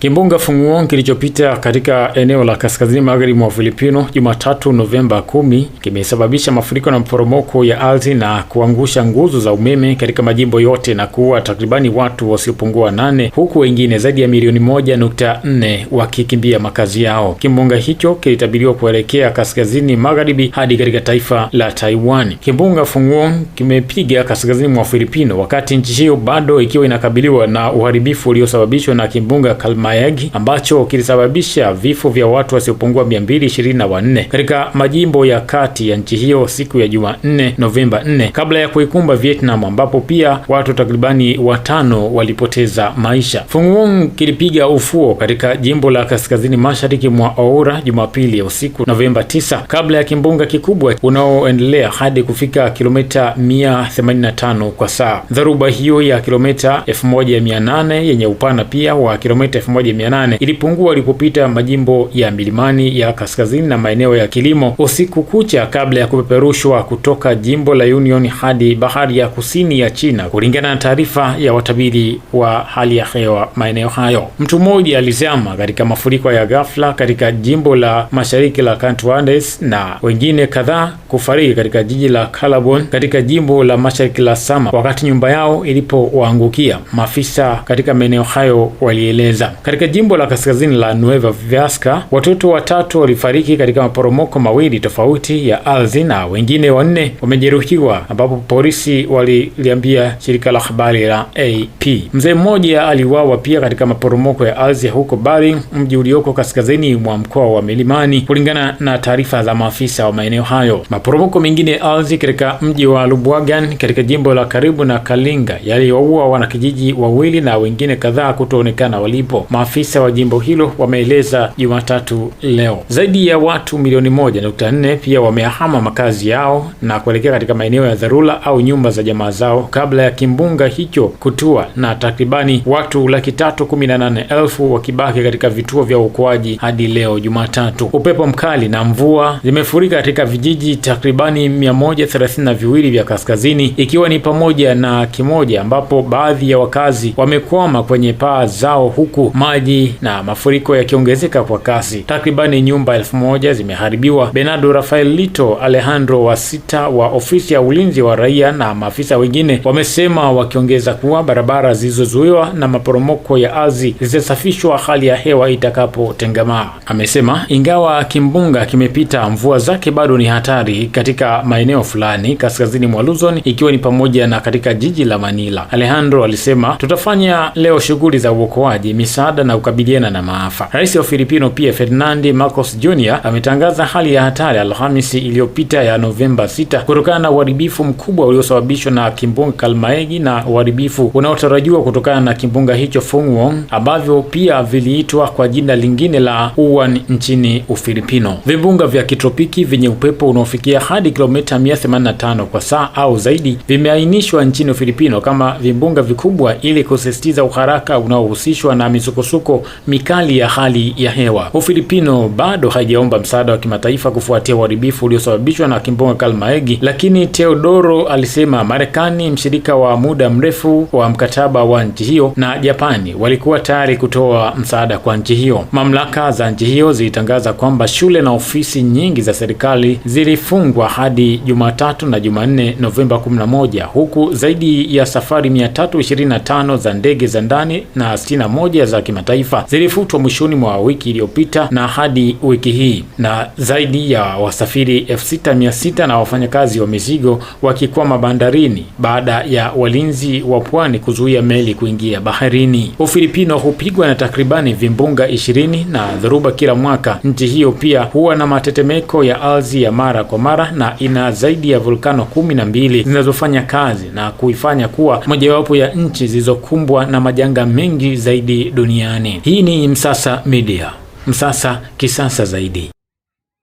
Kimbunga Funguon kilichopita katika eneo la kaskazini magharibi mwa Filipino Jumatatu Novemba 10 kimesababisha mafuriko na maporomoko ya ardhi na kuangusha nguzo za umeme katika majimbo yote na kuua takribani watu wasiopungua nane huku wengine zaidi ya milioni moja nukta nne wakikimbia makazi yao. Kimbunga hicho kilitabiriwa kuelekea kaskazini magharibi hadi katika taifa la Taiwan. Kimbunga Funguon kimepiga kaskazini mwa Filipino wakati nchi hiyo bado ikiwa inakabiliwa na uharibifu uliosababishwa na kimbunga Kalma Mayagi ambacho kilisababisha vifo vya watu wasiopungua 224 katika majimbo ya kati ya nchi hiyo siku ya Jumanne, Novemba 4 kabla ya kuikumba Vietnam, ambapo pia watu takribani watano walipoteza maisha. Funguong kilipiga ufuo katika jimbo la kaskazini mashariki mwa Oura Jumapili ya usiku Novemba 9 kabla ya kimbunga kikubwa unaoendelea hadi kufika kilomita 185 kwa saa. Dharuba hiyo ya kilomita 1800 yenye upana pia wa kilomita 1800 ilipungua ilipopita majimbo ya milimani ya kaskazini na maeneo ya kilimo usiku kucha kabla ya kupeperushwa kutoka jimbo la Union hadi bahari ya kusini ya China, kulingana na taarifa ya watabiri wa hali ya hewa maeneo hayo. Mtu mmoja alizama katika mafuriko ya ghafla katika jimbo la mashariki la Kantuandes na wengine kadhaa kufariki katika jiji la Kalabon katika jimbo la mashariki la Sama wakati nyumba yao ilipowaangukia, maafisa katika maeneo hayo walieleza. Katika jimbo la kaskazini la Nueva Vizcaya, watoto watatu walifariki katika maporomoko mawili tofauti ya ardhi na wengine wanne wamejeruhiwa, ambapo polisi waliliambia shirika la habari la AP. Mzee mmoja aliuawa pia katika maporomoko ya ardhi huko Bari, mji ulioko kaskazini mwa mkoa wa Milimani, kulingana na taarifa za maafisa wa maeneo hayo. Maporomoko mengine ya ardhi katika mji wa Lubwagan katika jimbo la karibu na Kalinga yaliwaua wanakijiji wawili na wengine kadhaa kutoonekana walipo maafisa wa jimbo hilo wameeleza Jumatatu leo. Zaidi ya watu milioni moja nukta nne pia wameahama makazi yao na kuelekea katika maeneo ya dharura au nyumba za jamaa zao kabla ya kimbunga hicho kutua, na takribani watu laki tatu kumi na nane elfu wakibaki katika vituo vya uokoaji hadi leo Jumatatu. Upepo mkali na mvua zimefurika katika vijiji takribani mia moja thelathini na viwili vya kaskazini ikiwa ni pamoja na kimoja ambapo baadhi ya wakazi wamekwama kwenye paa zao huku maji na mafuriko yakiongezeka kwa kasi. Takribani nyumba elfu moja zimeharibiwa. Bernardo Rafael Lito Alejandro wa sita wa ofisi ya ulinzi wa raia na maafisa wengine wamesema, wakiongeza kuwa barabara zilizozuiwa na maporomoko ya ardhi zitasafishwa hali ya hewa itakapotengemaa. Amesema ingawa kimbunga kimepita, mvua zake bado ni hatari katika maeneo fulani kaskazini mwa Luzon, ikiwa ni pamoja na katika jiji la Manila. Alejandro alisema, tutafanya leo shughuli za uokoaji, misaada msaada na kukabiliana na maafa. Rais wa Filipino pia Ferdinand Marcos Jr ametangaza hali ya hatari Alhamisi iliyopita ya Novemba 6 kutokana na uharibifu mkubwa uliosababishwa na kimbunga Kalmaegi na uharibifu unaotarajiwa kutokana na kimbunga hicho fungwong ambavyo pia viliitwa kwa jina lingine la Uwan nchini Ufilipino. Vimbunga vya kitropiki vyenye upepo unaofikia hadi kilomita 185 kwa saa au zaidi vimeainishwa nchini Ufilipino kama vimbunga vikubwa ili kusisitiza uharaka unaohusishwa na misuko misukosuko mikali ya hali ya hewa. Ufilipino bado haijaomba msaada wa kimataifa kufuatia uharibifu uliosababishwa na kimbunga Kalmaegi, lakini Teodoro alisema Marekani, mshirika wa muda mrefu wa mkataba wa nchi hiyo, na Japani walikuwa tayari kutoa msaada kwa nchi hiyo. Mamlaka za nchi hiyo zilitangaza kwamba shule na ofisi nyingi za serikali zilifungwa hadi Jumatatu na Jumanne Novemba 11 huku zaidi ya safari 325 za ndege za ndani na 61 za kimataifa zilifutwa mwishoni mwa wiki iliyopita na hadi wiki hii, na zaidi ya wasafiri 6600 na wafanyakazi wa mizigo wakikwama bandarini baada ya walinzi wa pwani kuzuia meli kuingia baharini. Ufilipino hupigwa na takribani vimbunga 20 na dhoruba kila mwaka. Nchi hiyo pia huwa na matetemeko ya ardhi ya mara kwa mara na ina zaidi ya volkano kumi na mbili zinazofanya kazi na kuifanya kuwa mojawapo ya nchi zilizokumbwa na majanga mengi zaidi duniani duniani. Hii ni Msasa Media, Msasa kisasa zaidi.